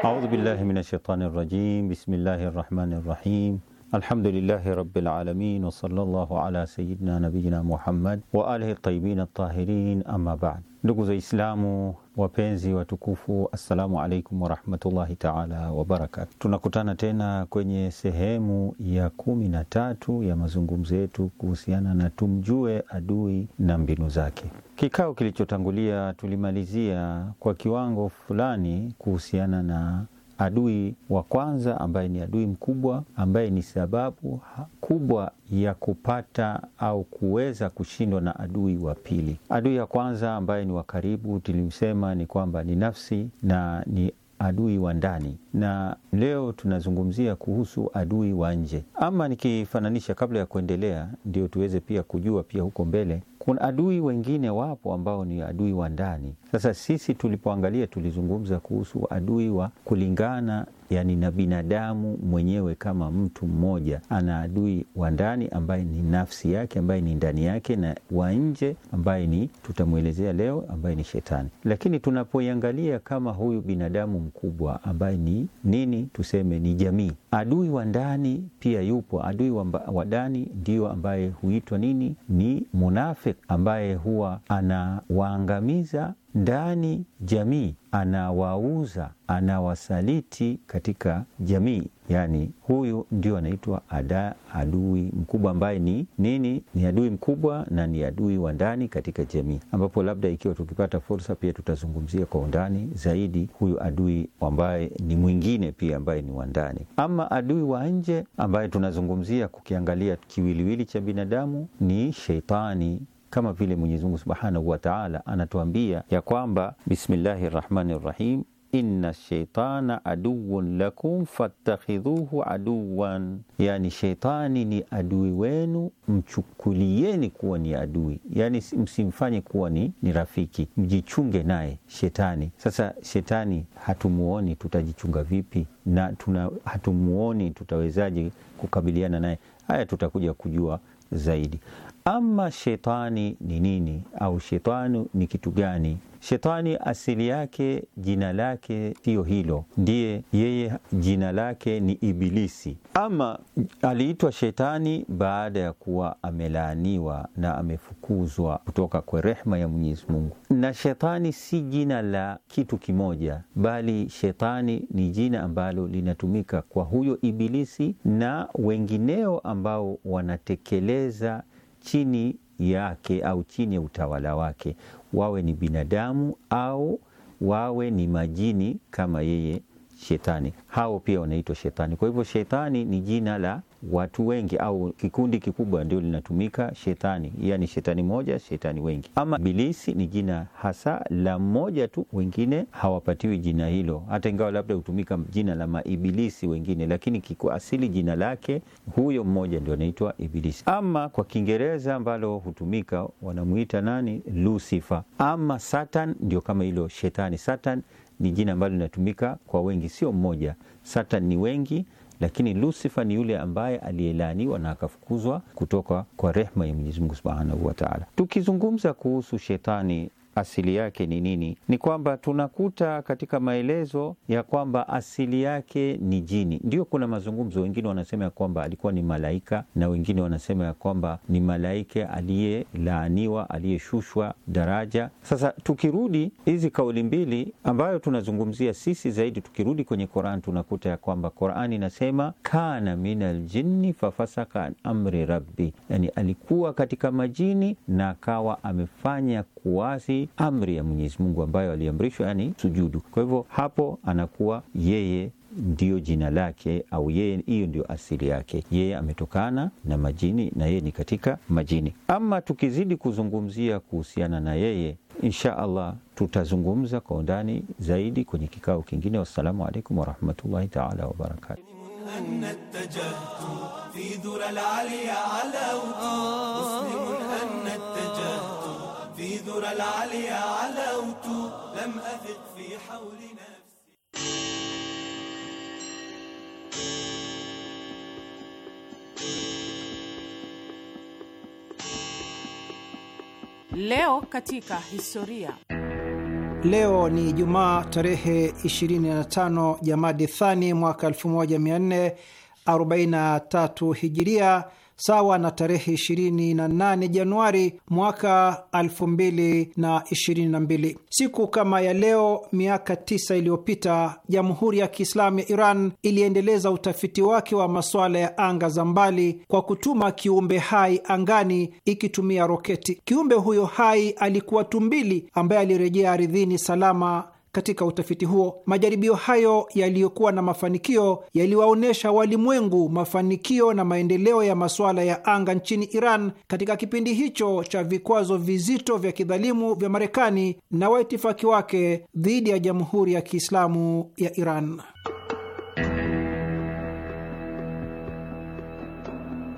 أعوذ بالله من الشيطان الرجيم بسم الله الرحمن الرحيم الحمد لله رب العالمين وصلى الله على سيدنا نبينا محمد وآله الطيبين الطاهرين أما بعد لغز إسلام Wapenzi watukufu, assalamu alaikum warahmatullahi taala wabarakatu. Tunakutana tena kwenye sehemu ya kumi na tatu ya mazungumzo yetu kuhusiana na tumjue adui na mbinu zake. Kikao kilichotangulia tulimalizia kwa kiwango fulani kuhusiana na adui wa kwanza ambaye ni adui mkubwa, ambaye ni sababu kubwa ya kupata au kuweza kushindwa na adui wa pili. Adui ya kwanza ambaye ni wa karibu, tulimsema ni kwamba ni nafsi na ni adui wa ndani, na leo tunazungumzia kuhusu adui wa nje. Ama nikifananisha, kabla ya kuendelea, ndio tuweze pia kujua pia huko mbele kuna adui wengine wapo ambao ni adui wa ndani. Sasa sisi tulipoangalia, tulizungumza kuhusu adui wa kulingana yani na binadamu mwenyewe kama mtu mmoja ana adui wa ndani ambaye ni nafsi yake ambaye ni ndani yake, na wa nje ambaye ni tutamwelezea leo, ambaye ni shetani. Lakini tunapoiangalia kama huyu binadamu mkubwa ambaye ni nini, tuseme ni jamii, adui wa ndani pia yupo. Adui wa ndani ndiyo ambaye huitwa nini, ni munafik ambaye huwa anawaangamiza ndani jamii, anawauza anawasaliti katika jamii. Yani huyu ndio anaitwa ada adui mkubwa, ambaye ni nini? Ni adui mkubwa na ni adui wa ndani katika jamii, ambapo labda ikiwa tukipata fursa pia tutazungumzia kwa undani zaidi huyu adui ambaye ni mwingine pia ambaye ni wa ndani. Ama adui wa nje ambaye tunazungumzia kukiangalia kiwiliwili cha binadamu ni sheitani kama vile Mwenyezi Mungu Subhanahu wa Ta'ala anatuambia ya kwamba bismillahi rahmani rahim, inna shaitana aduwun lakum fattakhidhuhu aduwan, yani shaitani ni adui wenu, mchukulieni kuwa ni adui, yani msimfanye kuwa ni, ni rafiki, mjichunge naye shetani. Sasa shetani hatumuoni, tutajichunga vipi? Na tuna, hatumuoni tutawezaje kukabiliana naye? Haya tutakuja kujua zaidi. Ama shetani ni nini au shetani ni kitu gani? Shetani asili yake jina lake siyo hilo, ndiye yeye jina lake ni Ibilisi. Ama aliitwa shetani baada ya kuwa amelaaniwa na amefukuzwa kutoka kwa rehma ya Mwenyezi Mungu. Na shetani si jina la kitu kimoja, bali shetani ni jina ambalo linatumika kwa huyo Ibilisi na wengineo ambao wanatekeleza chini yake au chini ya utawala wake, wawe ni binadamu au wawe ni majini kama yeye shetani. Hao pia wanaitwa shetani. Kwa hivyo shetani ni jina la watu wengi au kikundi kikubwa ndio linatumika shetani, yani shetani moja, shetani wengi. Ama bilisi ni jina hasa la mmoja tu, wengine hawapatiwi jina hilo, hata ingawa labda hutumika jina la maibilisi wengine, lakini kwa asili jina lake huyo mmoja ndio anaitwa ibilisi. Ama kwa Kiingereza ambalo hutumika, wanamuita nani? Lucifer ama Satan, ndio kama hilo shetani. Satan ni jina ambalo linatumika kwa wengi, sio mmoja. Satan ni wengi, lakini Lucifer ni yule ambaye aliyelaaniwa na akafukuzwa kutoka kwa rehma ya Mwenyezi Mungu subhanahu wa taala. Tukizungumza kuhusu shetani asili yake ni nini, ni kwamba tunakuta katika maelezo ya kwamba asili yake ni jini. Ndio kuna mazungumzo, wengine wanasema ya kwamba alikuwa ni malaika na wengine wanasema ya kwamba ni malaika aliyelaaniwa, aliyeshushwa daraja. Sasa tukirudi hizi kauli mbili ambayo tunazungumzia sisi zaidi, tukirudi kwenye qoran tunakuta ya kwamba qoran inasema kana min jinni fafasaka an amri rabbi, yani alikuwa katika majini na akawa amefanya kuasi amri ya Mwenyezi Mungu ambayo aliamrishwa, yani sujudu. Kwa hivyo hapo anakuwa yeye ndiyo jina lake au yeye, hiyo ndio asili yake. Yeye ametokana na majini na yeye ni katika majini. Ama tukizidi kuzungumzia kuhusiana na yeye, insha Allah tutazungumza kwa undani zaidi kwenye kikao kingine. Wassalamu alaikum warahmatullahi taala wabarakatu. Leo katika historia. Leo ni Jumaa tarehe 25 Jamadi Thani mwaka 1443 Hijiria sawa na tarehe 28 Januari mwaka 2022. Siku kama ya leo miaka tisa iliyopita, Jamhuri ya Kiislamu ya Iran iliendeleza utafiti wake wa masuala ya anga za mbali kwa kutuma kiumbe hai angani ikitumia roketi. Kiumbe huyo hai alikuwa tumbili ambaye alirejea ardhini salama katika utafiti huo. Majaribio hayo yaliyokuwa na mafanikio yaliwaonyesha walimwengu mafanikio na maendeleo ya masuala ya anga nchini Iran katika kipindi hicho cha vikwazo vizito vya kidhalimu vya Marekani na waitifaki wake dhidi ya Jamhuri ya Kiislamu ya Iran.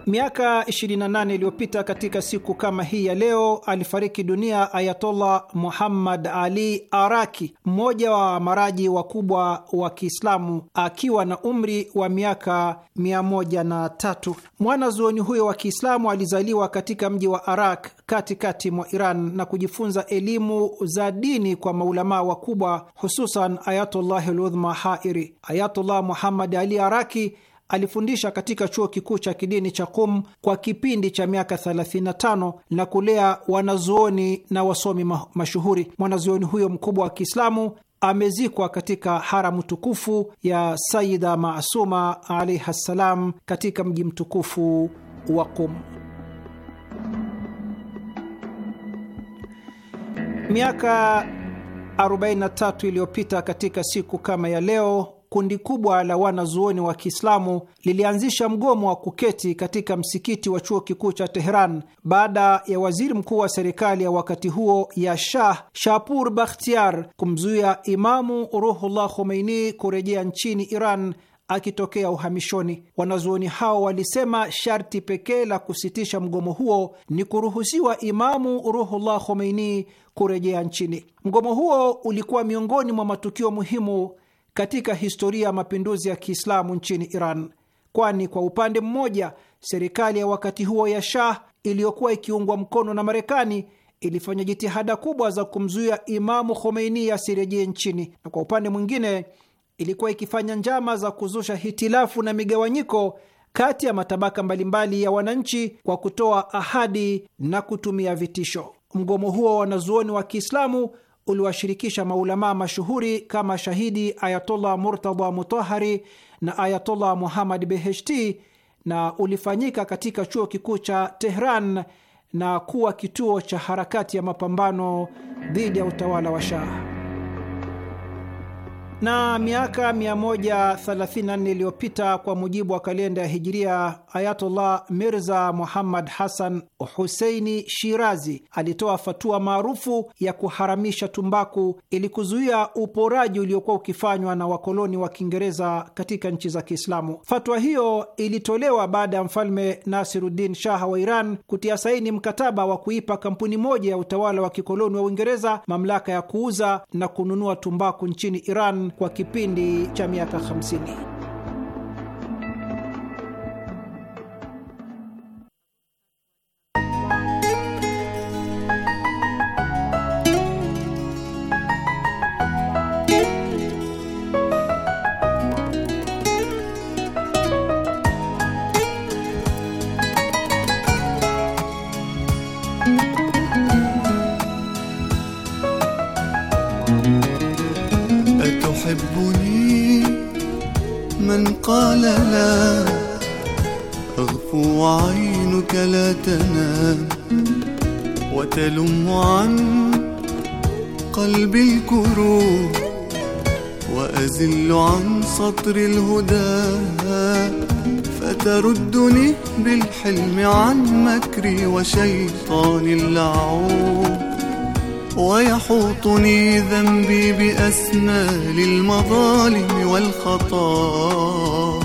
Miaka 28 iliyopita katika siku kama hii ya leo alifariki dunia Ayatollah Muhammad Ali Araki, mmoja wa maraji wakubwa wa Kiislamu akiwa na umri wa miaka 103. Mwanazuoni huyo wa Kiislamu alizaliwa katika mji wa Arak katikati mwa Iran na kujifunza elimu za dini kwa maulamaa wakubwa, hususan Ayatullahi Ludhma Hairi. Ayatullah Muhammad Ali Araki alifundisha katika chuo kikuu cha kidini cha Qum kwa kipindi cha miaka 35 na kulea wanazuoni na wasomi mashuhuri. Mwanazuoni huyo mkubwa wa Kiislamu amezikwa katika haramu tukufu ya Sayida Masuma alaihi ssalam katika mji mtukufu wa Qum. Miaka 43 iliyopita katika siku kama ya leo kundi kubwa la wanazuoni wa Kiislamu lilianzisha mgomo wa kuketi katika msikiti wa chuo kikuu cha Teheran baada ya waziri mkuu wa serikali ya wakati huo ya Shah Shapur Bakhtiar kumzuia Imamu Ruhullah Khomeini kurejea nchini Iran akitokea uhamishoni. Wanazuoni hao walisema sharti pekee la kusitisha mgomo huo ni kuruhusiwa Imamu Ruhullah Khomeini kurejea nchini. Mgomo huo ulikuwa miongoni mwa matukio muhimu katika historia ya mapinduzi ya Kiislamu nchini Iran, kwani kwa upande mmoja serikali ya wakati huo ya Shah iliyokuwa ikiungwa mkono na Marekani ilifanya jitihada kubwa za kumzuia Imamu Khomeini asirejee nchini, na kwa upande mwingine ilikuwa ikifanya njama za kuzusha hitilafu na migawanyiko kati ya matabaka mbalimbali ya wananchi kwa kutoa ahadi na kutumia vitisho. Mgomo huo wa wanazuoni wa Kiislamu uliwashirikisha maulamaa mashuhuri kama shahidi Ayatollah Murtadha Mutahari na Ayatollah Muhammad Beheshti na ulifanyika katika chuo kikuu cha Tehran na kuwa kituo cha harakati ya mapambano dhidi ya utawala wa Shah. Na miaka 134 iliyopita kwa mujibu wa kalenda ya Hijiria, Ayatollah Mirza Muhammad Hassan Huseini Shirazi alitoa fatua maarufu ya kuharamisha tumbaku ili kuzuia uporaji uliokuwa ukifanywa na wakoloni wa Kiingereza katika nchi za Kiislamu. Fatwa hiyo ilitolewa baada ya mfalme Nasiruddin Shah wa Iran kutia saini mkataba wa kuipa kampuni moja ya utawala wa kikoloni wa Uingereza mamlaka ya kuuza na kununua tumbaku nchini Iran kwa kipindi cha miaka 50. يحبني من قال لا تغفو عينك لا تنام وتلم عن قلبي الكروب وأزل عن سطر الهدى فتردني بالحلم عن مكري وشيطان اللعوب ويحوطني ذنبي بأسنال المظالم والخطا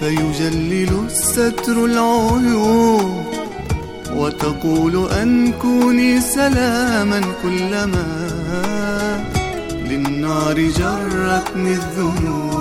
فيجلل الستر العيوب وتقول أن كوني سلاما كلما للنار جرتني الذنوب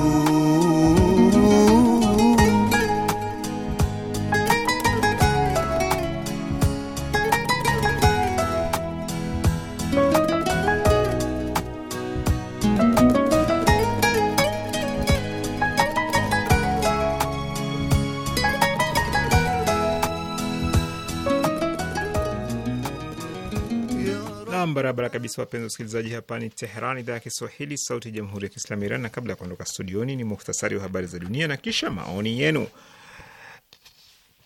barabara kabisa, wapenzi wasikilizaji. Hapa ni Teheran, idhaa ya Kiswahili, sauti ya jamhuri ya kiislamu Iran. Na kabla ya kuondoka studioni, ni muhtasari wa habari za dunia na kisha maoni yenu.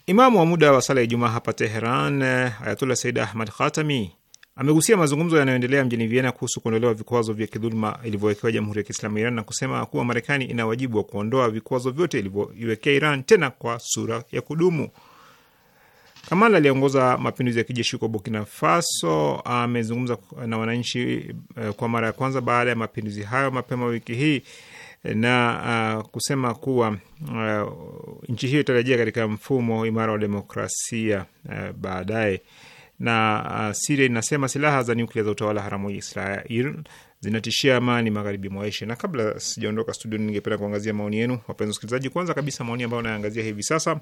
Imamu wa muda wa sala ya Ijumaa hapa Teheran, Ayatullah Said Ahmad Khatami amegusia mazungumzo yanayoendelea mjini Vienna kuhusu kuondolewa vikwazo vya kidhuluma ilivyowekewa jamhuri ya kiislamu Iran na kusema kuwa Marekani ina wajibu wa kuondoa vikwazo vyote ilivyoiwekea Iran, tena kwa sura ya kudumu. Kamal aliyeongoza mapinduzi ya kijeshi huko Burkina Faso. Amezungumza na wananchi eh, kwa mara ya kwanza baada ya mapinduzi hayo mapema wiki hii eh, na uh, kusema kuwa uh, nchi hiyo itarejea katika mfumo imara wa demokrasia uh, baadaye. Na uh, ah, Siria inasema silaha za nyuklia za utawala haramu wa Israel zinatishia amani magharibi mwa Asia. Na kabla sijaondoka studio, ningependa kuangazia maoni yenu, wapenzi wasikilizaji. Kwanza kabisa maoni ambayo nayaangazia hivi sasa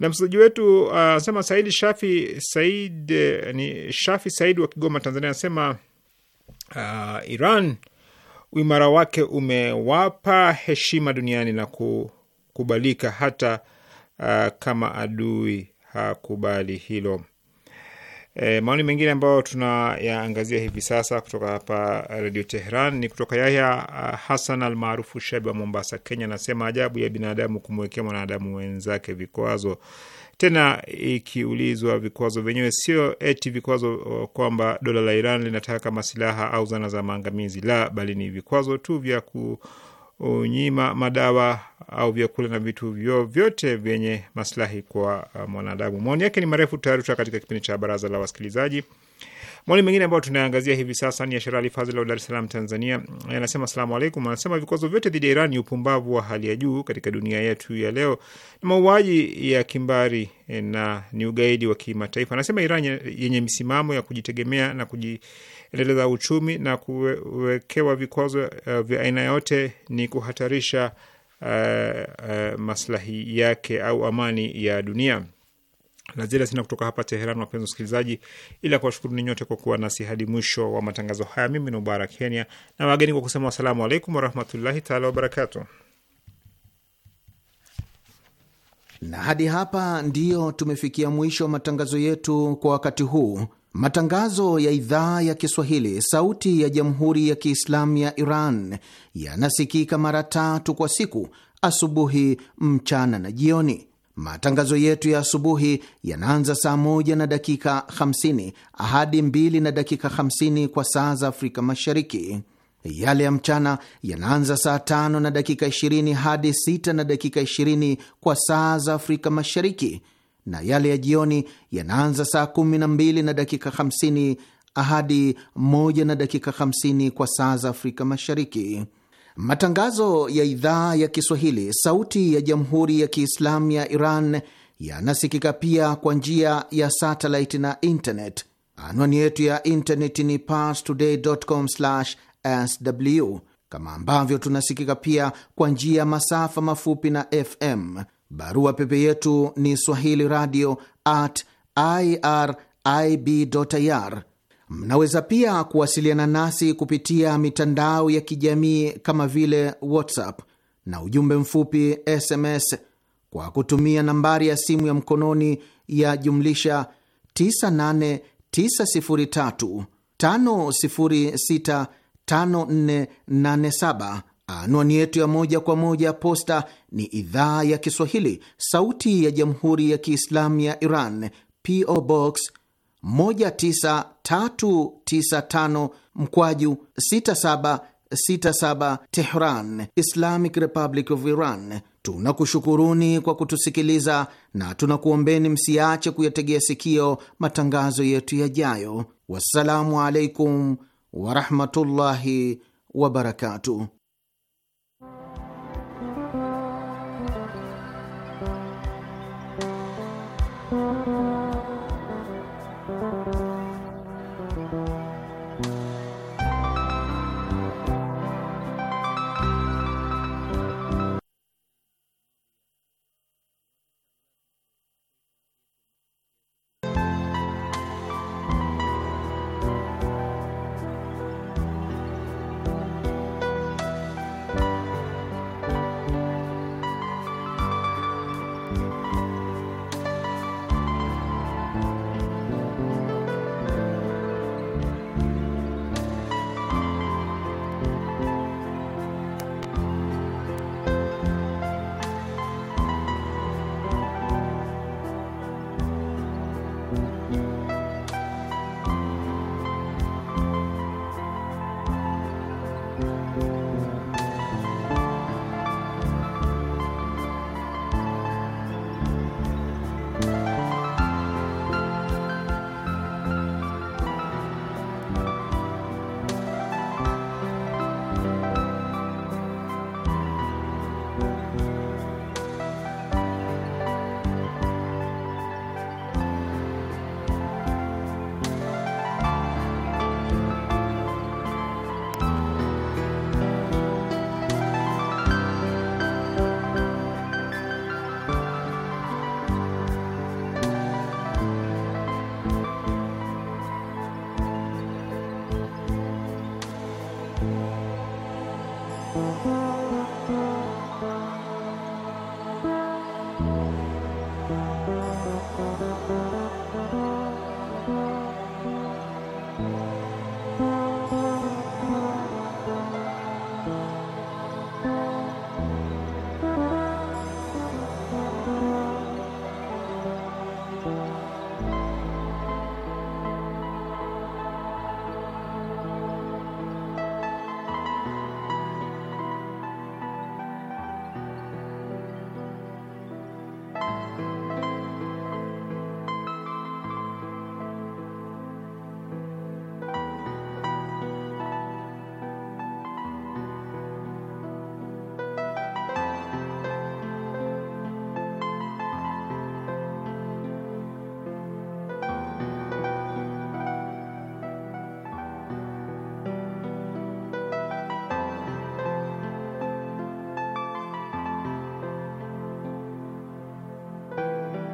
na msikilizaji wetu uh, anasema uh, Saidi Shafi Said eh, ni Shafi Said wa Kigoma, Tanzania, anasema uh, Iran uimara wake umewapa heshima duniani na kukubalika hata uh, kama adui hakubali hilo. E, maoni mengine ambayo tunayaangazia hivi sasa kutoka hapa Redio Teheran ni kutoka Yahya eh, Hasan almaarufu Shabi wa Mombasa, Kenya. Anasema ajabu ya binadamu kumwekea mwanadamu wenzake vikwazo, tena ikiulizwa vikwazo vyenyewe sio eti vikwazo kwamba dola la Iran linataka masilaha au zana za maangamizi, la, bali ni vikwazo tu vya ku unyima madawa au vyakula na vitu vyovyote vyenye maslahi kwa uh, mwanadamu. Maoni yake ni marefu tayari kutoka katika kipindi cha baraza la wasikilizaji. Maoni mengine ambayo tunaangazia hivi sasa ni ya Sherali Fazil wa Dar es Salaam, Tanzania. Anasema asalamu alaikum. Anasema vikwazo vyote dhidi ya Iran ni upumbavu wa hali ya juu katika dunia yetu ya leo, ni mauaji ya kimbari eh, na ni ugaidi wa kimataifa. Anasema Iran yenye misimamo ya kujitegemea na kuji endeleza uchumi na kuwekewa vikwazo uh, vya aina yote ni kuhatarisha uh, uh, maslahi yake au amani ya dunia. La ziada sina kutoka hapa Teheran, wapenzi wasikilizaji, ila ni nyote kwa kuwa nasi hadi mwisho wa matangazo haya. Mimi ni Mubarak Kenya na wageni kwa kusema wasalamu alaikum warahmatullahi taala wabarakatu. Na hadi hapa ndiyo tumefikia mwisho wa matangazo yetu kwa wakati huu. Matangazo ya idhaa ya Kiswahili, sauti ya jamhuri ya kiislamu ya Iran yanasikika mara tatu kwa siku: asubuhi, mchana na jioni. Matangazo yetu ya asubuhi yanaanza saa moja na dakika 50 hadi mbili na dakika 50 kwa saa za Afrika Mashariki. Yale ya mchana yanaanza saa tano na dakika 20 hadi sita na dakika 20 kwa saa za Afrika Mashariki na yale ya jioni yanaanza saa 12 na dakika 50 hadi 1 na dakika 50 kwa saa za Afrika Mashariki. Matangazo ya idhaa ya Kiswahili, Sauti ya Jamhuri ya Kiislamu ya Iran yanasikika pia kwa njia ya satellite na internet. Anwani yetu ya internet ni parstoday.com/sw, kama ambavyo tunasikika pia kwa njia ya masafa mafupi na FM. Barua pepe yetu ni swahili radio at irib ir. Mnaweza pia kuwasiliana nasi kupitia mitandao ya kijamii kama vile WhatsApp na ujumbe mfupi SMS kwa kutumia nambari ya simu ya mkononi ya jumlisha 989035065487 Anwani yetu ya moja kwa moja ya posta ni idhaa ya Kiswahili, sauti ya jamhuri ya kiislamu ya Iran, PO Box 19395 mkwaju 6767 Tehran, Islamic Republic of Iran. Tunakushukuruni kwa kutusikiliza na tunakuombeni msiache kuyategea sikio matangazo yetu yajayo. Wassalamu alaikum warahmatullahi wabarakatuh.